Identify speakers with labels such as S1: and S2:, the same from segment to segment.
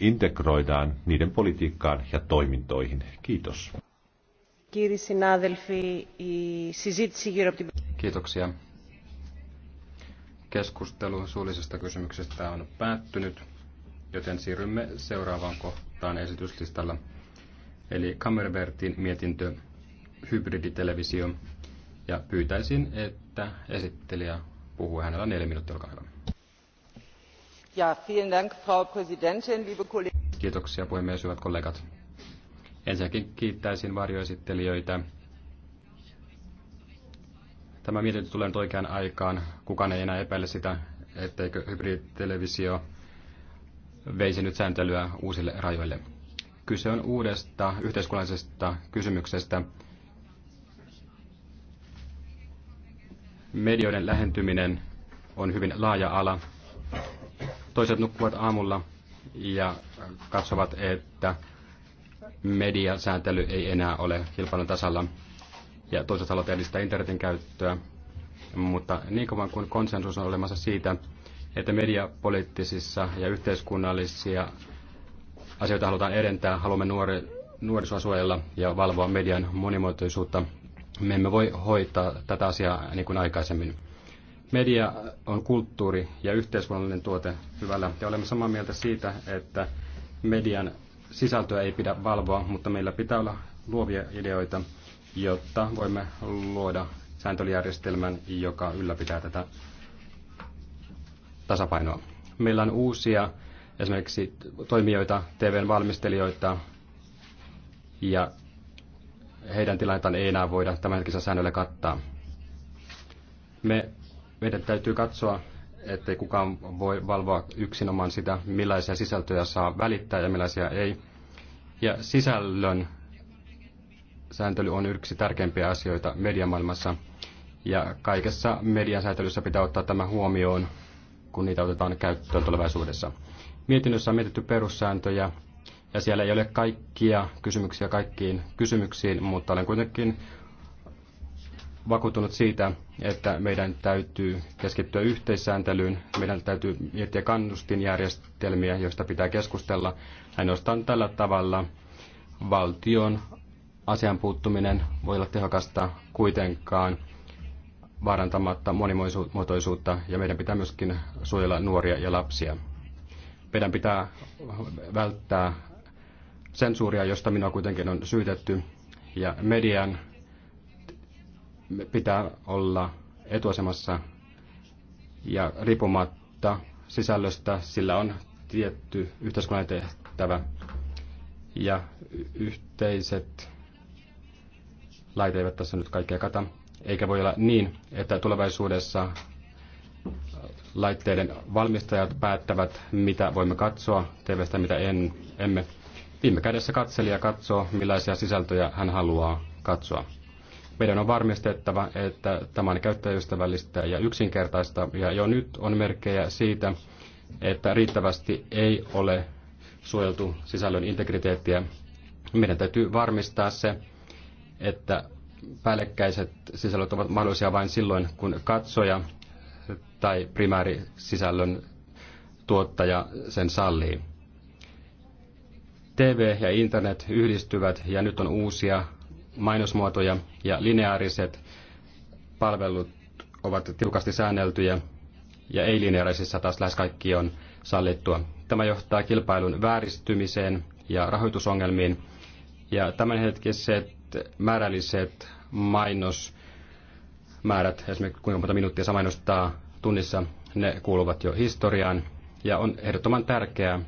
S1: integroidaan niiden politiikkaan ja toimintoihin. Kiitos. Kiitoksia.
S2: Keskustelu suullisesta kysymyksestä on päättynyt, joten siirrymme seuraavaan kohtaan esityslistalla. Eli Kammerbertin mietintö hybriditelevisio. Ja pyytäisin, että esittelijä puhuu hänellä neljä minuuttia, olkaa hyvä. Kiitoksia puhemies, hyvät kollegat. Ensinnäkin kiittäisin varjoesittelijöitä. Tämä mietintö tulee nyt oikeaan aikaan. Kukaan ei enää epäile sitä, etteikö hybriditelevisio veisi nyt sääntelyä uusille rajoille. Kyse on uudesta yhteiskunnallisesta kysymyksestä. Medioiden lähentyminen on hyvin laaja ala Toiset nukkuvat aamulla ja katsovat, että mediasääntely ei enää ole kilpailun tasalla. Ja toiset haluavat edistää internetin käyttöä. Mutta niin kauan kuin konsensus on olemassa siitä, että mediapoliittisissa ja yhteiskunnallisia asioita halutaan edentää, haluamme nuori, nuorisoa suojella ja valvoa median monimuotoisuutta, me emme voi hoitaa tätä asiaa niin kuin aikaisemmin. Media on kulttuuri- ja yhteiskunnallinen tuote hyvällä, ja olemme samaa mieltä siitä, että median sisältöä ei pidä valvoa, mutta meillä pitää olla luovia ideoita, jotta voimme luoda sääntöjärjestelmän, joka ylläpitää tätä tasapainoa. Meillä on uusia esimerkiksi toimijoita, TVn valmistelijoita, ja heidän tilannettaan ei enää voida tämänhetkisellä säännöllä kattaa. Me meidän täytyy katsoa, ettei kukaan voi valvoa yksinomaan sitä, millaisia sisältöjä saa välittää ja millaisia ei. Ja sisällön sääntely on yksi tärkeimpiä asioita mediamaailmassa. Ja kaikessa median säätelyssä pitää ottaa tämä huomioon, kun niitä otetaan käyttöön tulevaisuudessa. Mietinnössä on mietitty perussääntöjä, ja siellä ei ole kaikkia kysymyksiä kaikkiin kysymyksiin, mutta olen kuitenkin vakuuttunut siitä, että meidän täytyy keskittyä yhteissääntelyyn, meidän täytyy miettiä kannustinjärjestelmiä, joista pitää keskustella. Ainoastaan tällä tavalla valtion asian puuttuminen voi olla tehokasta kuitenkaan vaarantamatta monimuotoisuutta ja meidän pitää myöskin suojella nuoria ja lapsia. Meidän pitää välttää sensuuria, josta minua kuitenkin on syytetty, ja median pitää olla etuasemassa ja riippumatta sisällöstä sillä on tietty yhteiskunnan tehtävä ja yhteiset laite eivät tässä nyt kaikkea kata. Eikä voi olla niin, että tulevaisuudessa laitteiden valmistajat päättävät, mitä voimme katsoa TVstä, mitä en, emme. Viime kädessä katselija katsoo, millaisia sisältöjä hän haluaa katsoa. Meidän on varmistettava, että tämä on käyttäjäystävällistä ja yksinkertaista, ja jo nyt on merkkejä siitä, että riittävästi ei ole suojeltu sisällön integriteettiä. Meidän täytyy varmistaa se, että päällekkäiset sisällöt ovat mahdollisia vain silloin, kun katsoja tai primäärisisällön tuottaja sen sallii. TV ja internet yhdistyvät ja nyt on uusia mainosmuotoja ja lineaariset palvelut ovat tiukasti säänneltyjä ja ei-lineaarisissa taas lähes kaikki on sallittua. Tämä johtaa kilpailun vääristymiseen ja rahoitusongelmiin ja tämänhetkiset määrälliset mainosmäärät, esimerkiksi kuinka monta minuuttia se mainostaa tunnissa, ne kuuluvat jo historiaan ja on ehdottoman tärkeää,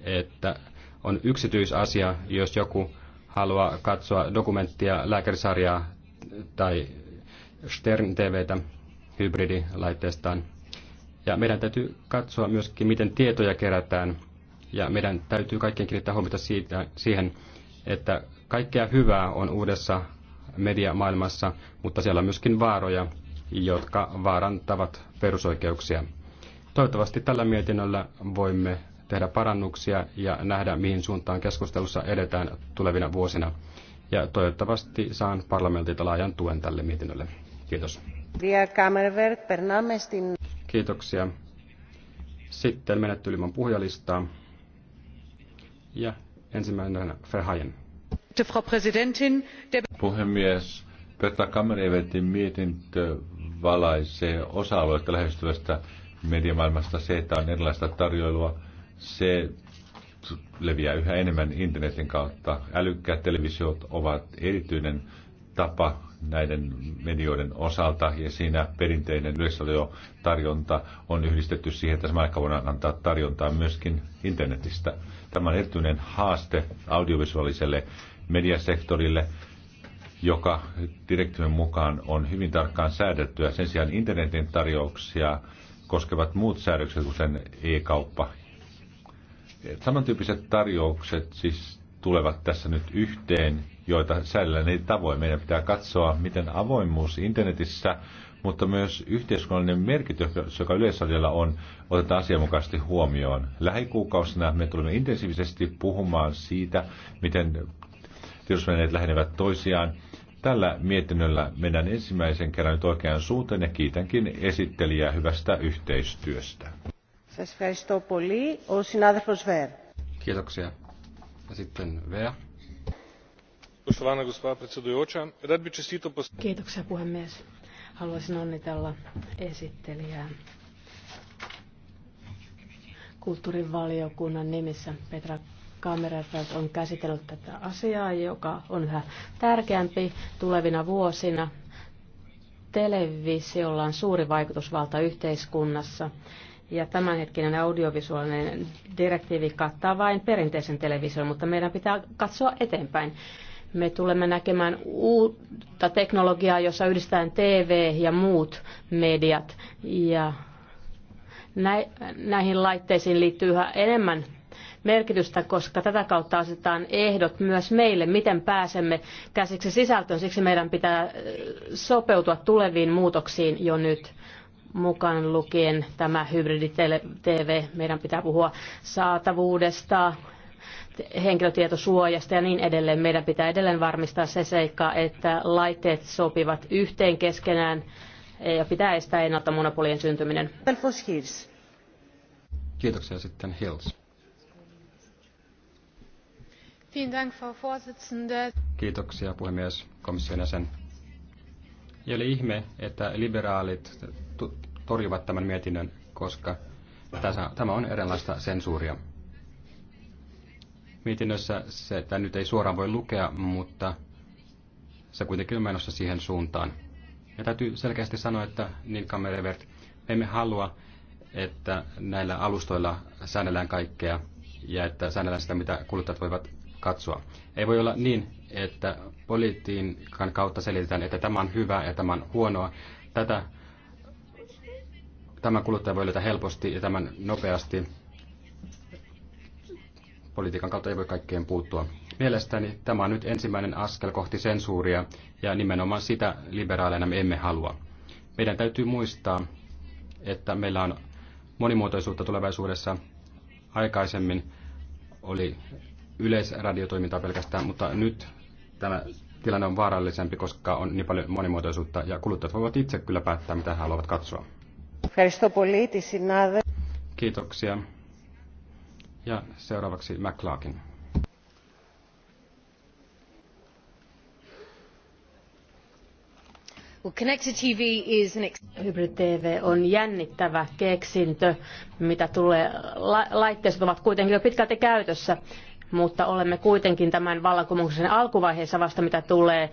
S2: että on yksityisasia, jos joku halua katsoa dokumenttia, lääkärisarjaa tai Stern TVtä hybridilaitteestaan. Ja meidän täytyy katsoa myöskin, miten tietoja kerätään. Ja meidän täytyy kaikkien kiinnittää huomiota siitä, siihen, että kaikkea hyvää on uudessa mediamaailmassa, mutta siellä on myöskin vaaroja, jotka vaarantavat perusoikeuksia. Toivottavasti tällä mietinnöllä voimme tehdä parannuksia ja nähdä, mihin suuntaan keskustelussa edetään tulevina vuosina. Ja toivottavasti saan parlamentilta laajan tuen tälle mietinnölle. Kiitos. Kiitoksia. Sitten menetty ilman puhujalistaa.
S1: Ja ensimmäinen Ferhajen. Puhemies, Petra Kammerievetin mietintö valaisee osa-alueita lähestyvästä mediamaailmasta se, että on erilaista tarjoilua se leviää yhä enemmän internetin kautta. Älykkäät televisiot ovat erityinen tapa näiden medioiden osalta, ja siinä perinteinen tarjonta on yhdistetty siihen, että samaan aikaan voidaan antaa tarjontaa myöskin internetistä. Tämä on erityinen haaste audiovisuaaliselle mediasektorille, joka direktiivin mukaan on hyvin tarkkaan säädettyä. Sen sijaan internetin tarjouksia koskevat muut säädökset, kuten e-kauppa Samantyyppiset tarjoukset siis tulevat tässä nyt yhteen, joita säällä ei tavoin. Meidän pitää katsoa, miten avoimuus internetissä, mutta myös yhteiskunnallinen merkitys, joka yleisradiolla on, otetaan asianmukaisesti huomioon. Lähikuukausina me tulemme intensiivisesti puhumaan siitä, miten tiedotusvälineet lähenevät toisiaan. Tällä mietinnöllä mennään ensimmäisen kerran nyt oikeaan suuntaan ja kiitänkin esittelijää hyvästä yhteistyöstä. Kiitoksia. Ja sitten Vea. Kiitoksia
S3: puhemies. Haluaisin onnitella esittelijää kulttuurivaliokunnan nimissä Petra Kamerafeld on käsitellyt tätä asiaa, joka on yhä tärkeämpi tulevina vuosina. Televisiolla on suuri vaikutusvalta yhteiskunnassa ja tämänhetkinen audiovisuaalinen direktiivi kattaa vain perinteisen television, mutta meidän pitää katsoa eteenpäin. Me tulemme näkemään uutta teknologiaa, jossa yhdistetään TV ja muut mediat. Ja näihin laitteisiin liittyy yhä enemmän merkitystä, koska tätä kautta asetetaan ehdot myös meille, miten pääsemme käsiksi sisältöön. Siksi meidän pitää sopeutua tuleviin muutoksiin jo nyt mukaan lukien tämä hybridi-TV. Meidän pitää puhua saatavuudesta, henkilötietosuojasta ja niin edelleen. Meidän pitää edelleen varmistaa se seikka, että laitteet sopivat yhteen keskenään ja pitää estää ennalta monopolien syntyminen.
S2: Kiitoksia sitten Hills. Kiitoksia puhemies komission jäsen. Ja oli ihme, että liberaalit torjuvat tämän mietinnön, koska tämä on erilaista sensuuria. Mietinnössä se, että nyt ei suoraan voi lukea, mutta se kuitenkin on menossa siihen suuntaan. Ja täytyy selkeästi sanoa, että niin kamerevert, me emme halua, että näillä alustoilla säännellään kaikkea ja että säännellään sitä, mitä kuluttajat voivat katsoa. Ei voi olla niin, että politiikan kautta selitetään, että tämä on hyvä ja tämä on huonoa. Tätä Tämän kuluttaja voi löytää helposti ja tämän nopeasti. Politiikan kautta ei voi kaikkeen puuttua. Mielestäni tämä on nyt ensimmäinen askel kohti sensuuria ja nimenomaan sitä liberaaleina me emme halua. Meidän täytyy muistaa, että meillä on monimuotoisuutta tulevaisuudessa. Aikaisemmin oli yleisradiotoimintaa pelkästään, mutta nyt tämä tilanne on vaarallisempi, koska on niin paljon monimuotoisuutta ja kuluttajat voivat itse kyllä päättää, mitä he haluavat katsoa. Kiitoksia. Ja seuraavaksi McLaughlin.
S3: Hybrid TV on jännittävä keksintö, mitä tulee. Laitteet ovat kuitenkin jo pitkälti käytössä mutta olemme kuitenkin tämän vallankumouksen alkuvaiheessa vasta mitä tulee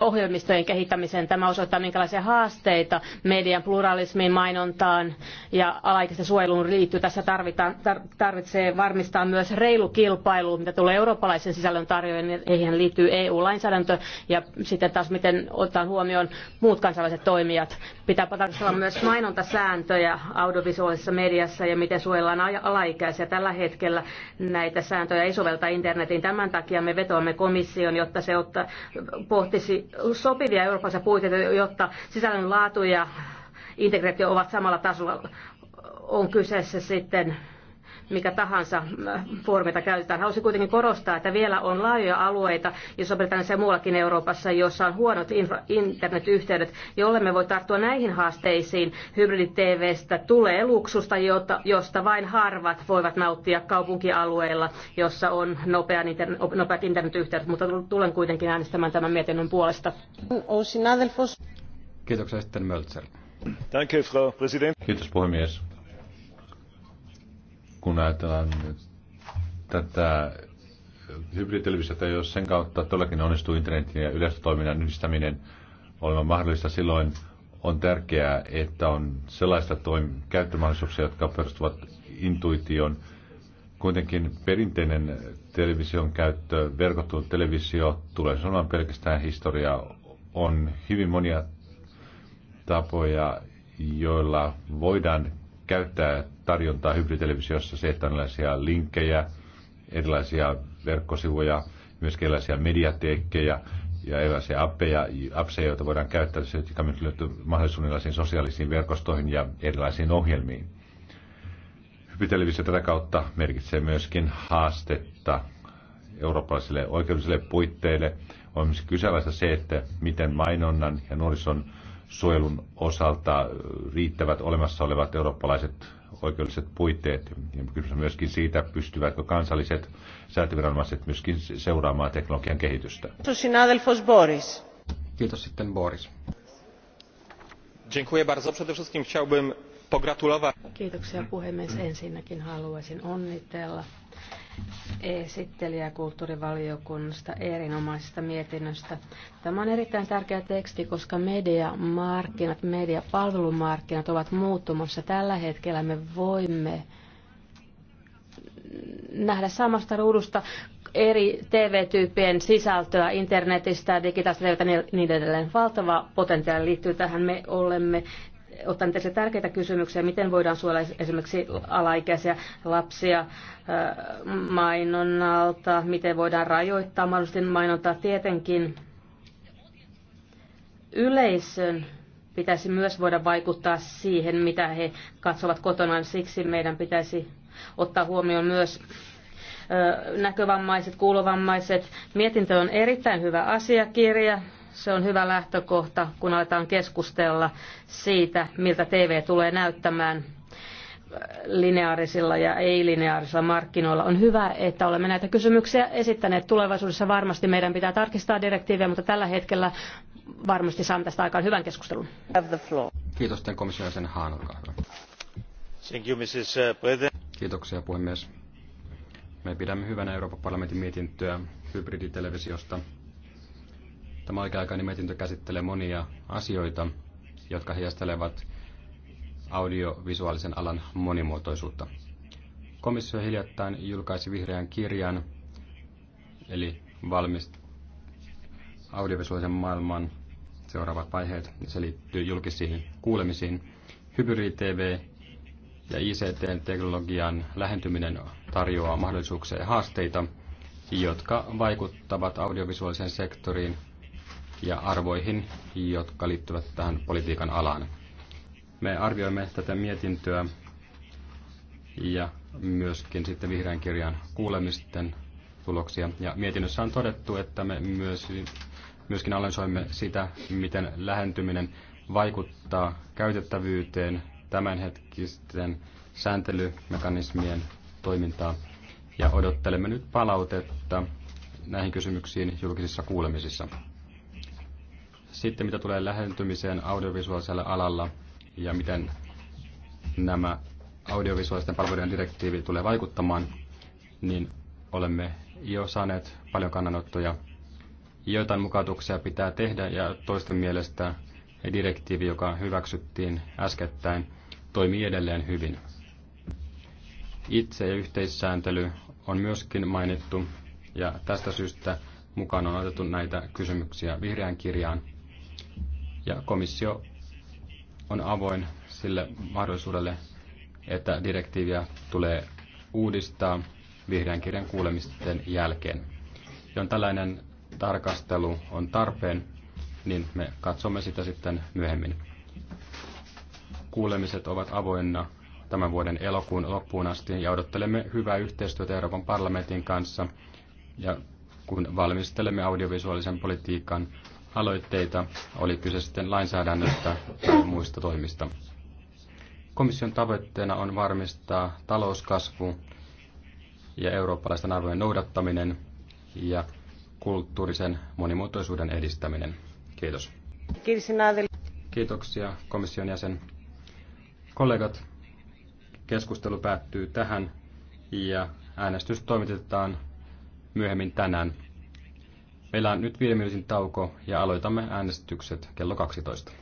S3: ohjelmistojen kehittämiseen. Tämä osoittaa minkälaisia haasteita median pluralismiin, mainontaan ja alaikäisten suojeluun liittyy. Tässä tarvitaan, tar, tarvitsee varmistaa myös reilu kilpailu, mitä tulee eurooppalaisen sisällön tarjoajien, niin heihin liittyy EU-lainsäädäntö ja sitten taas miten otetaan huomioon muut kansalaiset toimijat. Pitää tarkastella myös mainontasääntöjä audiovisuaalisessa mediassa ja miten suojellaan alaikäisiä. Tällä hetkellä näitä sääntöjä ei sovelta internetin. Tämän takia me vetoamme komission, jotta se otta, pohtisi sopivia Euroopassa puitteita, jotta sisällön laatu ja integraatio ovat samalla tasolla. On kyseessä sitten mikä tahansa äh, foorumita käytetään. Haluaisin kuitenkin korostaa, että vielä on laajoja alueita, jos opetetaan se muuallakin Euroopassa, joissa on huonot infra- internetyhteydet, jolle me voi tarttua näihin haasteisiin. Hybrid-TVstä tulee luksusta, josta vain harvat voivat nauttia kaupunkialueilla, jossa on nopeat, inter- nopeat internetyhteydet, mutta tulen kuitenkin äänestämään tämän mietinnön puolesta.
S1: Kiitoksia sitten Möltser. Kiitos puhemies kun ajatellaan tätä hybriditelevisiota, jos sen kautta todellakin onnistuu internetin ja yleistötoiminnan yhdistäminen olemaan mahdollista, silloin on tärkeää, että on sellaista toim- käyttömahdollisuuksia, jotka perustuvat intuitioon. Kuitenkin perinteinen television käyttö, verkottunut televisio, tulee sanomaan pelkästään historiaa, on hyvin monia tapoja, joilla voidaan käyttää tarjontaa hybriditelevisiossa, se, että on erilaisia linkkejä, erilaisia verkkosivuja, myös erilaisia mediateekkejä ja erilaisia appeja, appseja, joita voidaan käyttää, jotka myös löytyy mahdollisuuden erilaisiin sosiaalisiin verkostoihin ja erilaisiin ohjelmiin. Hybriditelevisio tätä kautta merkitsee myöskin haastetta eurooppalaisille oikeudellisille puitteille. On myös kyseenalaista se, että miten mainonnan ja nuorison suojelun osalta riittävät olemassa olevat eurooppalaiset oikeudelliset puitteet. Ja kysymys on myöskin siitä, pystyvätkö kansalliset säätöviranomaiset myöskin seuraamaan teknologian kehitystä. Boris. Kiitos sitten Boris.
S2: Dziękuję bardzo. Przede wszystkim chciałbym pogratulować.
S3: Kiitoksia puhemies. Ensinnäkin haluaisin onnitella esittelijä kulttuurivaliokunnasta erinomaisesta mietinnöstä. Tämä on erittäin tärkeä teksti, koska mediamarkkinat, mediapalvelumarkkinat ovat muuttumassa. Tällä hetkellä me voimme nähdä samasta ruudusta eri TV-tyyppien sisältöä internetistä, digitaalista ja niin edelleen. Valtava potentiaali liittyy tähän. Me olemme Otan tässä tärkeitä kysymyksiä, miten voidaan suojella esimerkiksi alaikäisiä lapsia mainonnalta, miten voidaan rajoittaa mahdollisesti mainontaa tietenkin. Yleisön pitäisi myös voida vaikuttaa siihen, mitä he katsovat kotona. Siksi meidän pitäisi ottaa huomioon myös näkövammaiset, kuulovammaiset. Mietintö on erittäin hyvä asiakirja. Se on hyvä lähtökohta, kun aletaan keskustella siitä, miltä TV tulee näyttämään lineaarisilla ja ei-lineaarisilla markkinoilla. On hyvä, että olemme näitä kysymyksiä esittäneet. Tulevaisuudessa varmasti meidän pitää tarkistaa direktiiviä, mutta tällä hetkellä varmasti saamme tästä aikaan hyvän keskustelun.
S2: Kiitos teidän komission jäsen Haan, olkaa hyvä.
S1: Thank you, Mrs. Uh, President.
S2: Kiitoksia puhemies. Me pidämme hyvänä Euroopan parlamentin mietintöä hybriditelevisiosta. Tämä oikea-aikainen mietintö käsittelee monia asioita, jotka heijastelevat audiovisuaalisen alan monimuotoisuutta. Komissio hiljattain julkaisi vihreän kirjan, eli valmist, audiovisuaalisen maailman seuraavat vaiheet. Se liittyy julkisiin kuulemisiin. Hybrid-TV ja ICT-teknologian lähentyminen tarjoaa mahdollisuuksia ja haasteita, jotka vaikuttavat audiovisuaaliseen sektoriin ja arvoihin, jotka liittyvät tähän politiikan alaan. Me arvioimme tätä mietintöä ja myöskin sitten vihreän kirjan kuulemisten tuloksia. Ja mietinnössä on todettu, että me myös, myöskin analysoimme sitä, miten lähentyminen vaikuttaa käytettävyyteen tämänhetkisten sääntelymekanismien toimintaa. Ja odottelemme nyt palautetta näihin kysymyksiin julkisissa kuulemisissa. Sitten mitä tulee lähentymiseen audiovisuaalisella alalla ja miten nämä audiovisuaalisten palveluiden direktiivi tulee vaikuttamaan, niin olemme jo saaneet paljon kannanottoja. Joitain mukautuksia pitää tehdä ja toisten mielestä direktiivi, joka hyväksyttiin äskettäin, toimii edelleen hyvin. Itse- ja yhteissääntely on myöskin mainittu ja tästä syystä mukaan on otettu näitä kysymyksiä vihreän kirjaan – ja komissio on avoin sille mahdollisuudelle, että direktiiviä tulee uudistaa vihreän kirjan kuulemisten jälkeen. Jos tällainen tarkastelu on tarpeen, niin me katsomme sitä sitten myöhemmin. Kuulemiset ovat avoinna tämän vuoden elokuun loppuun asti ja odottelemme hyvää yhteistyötä Euroopan parlamentin kanssa ja kun valmistelemme audiovisuaalisen politiikan aloitteita, oli kyse sitten lainsäädännöstä tai muista toimista. Komission tavoitteena on varmistaa talouskasvu ja eurooppalaisten arvojen noudattaminen ja kulttuurisen monimuotoisuuden edistäminen. Kiitos. Kiitoksia komission jäsen. Kollegat, keskustelu päättyy tähän ja äänestys toimitetaan myöhemmin tänään. Meillä on nyt viiden minuutin tauko ja aloitamme äänestykset kello 12.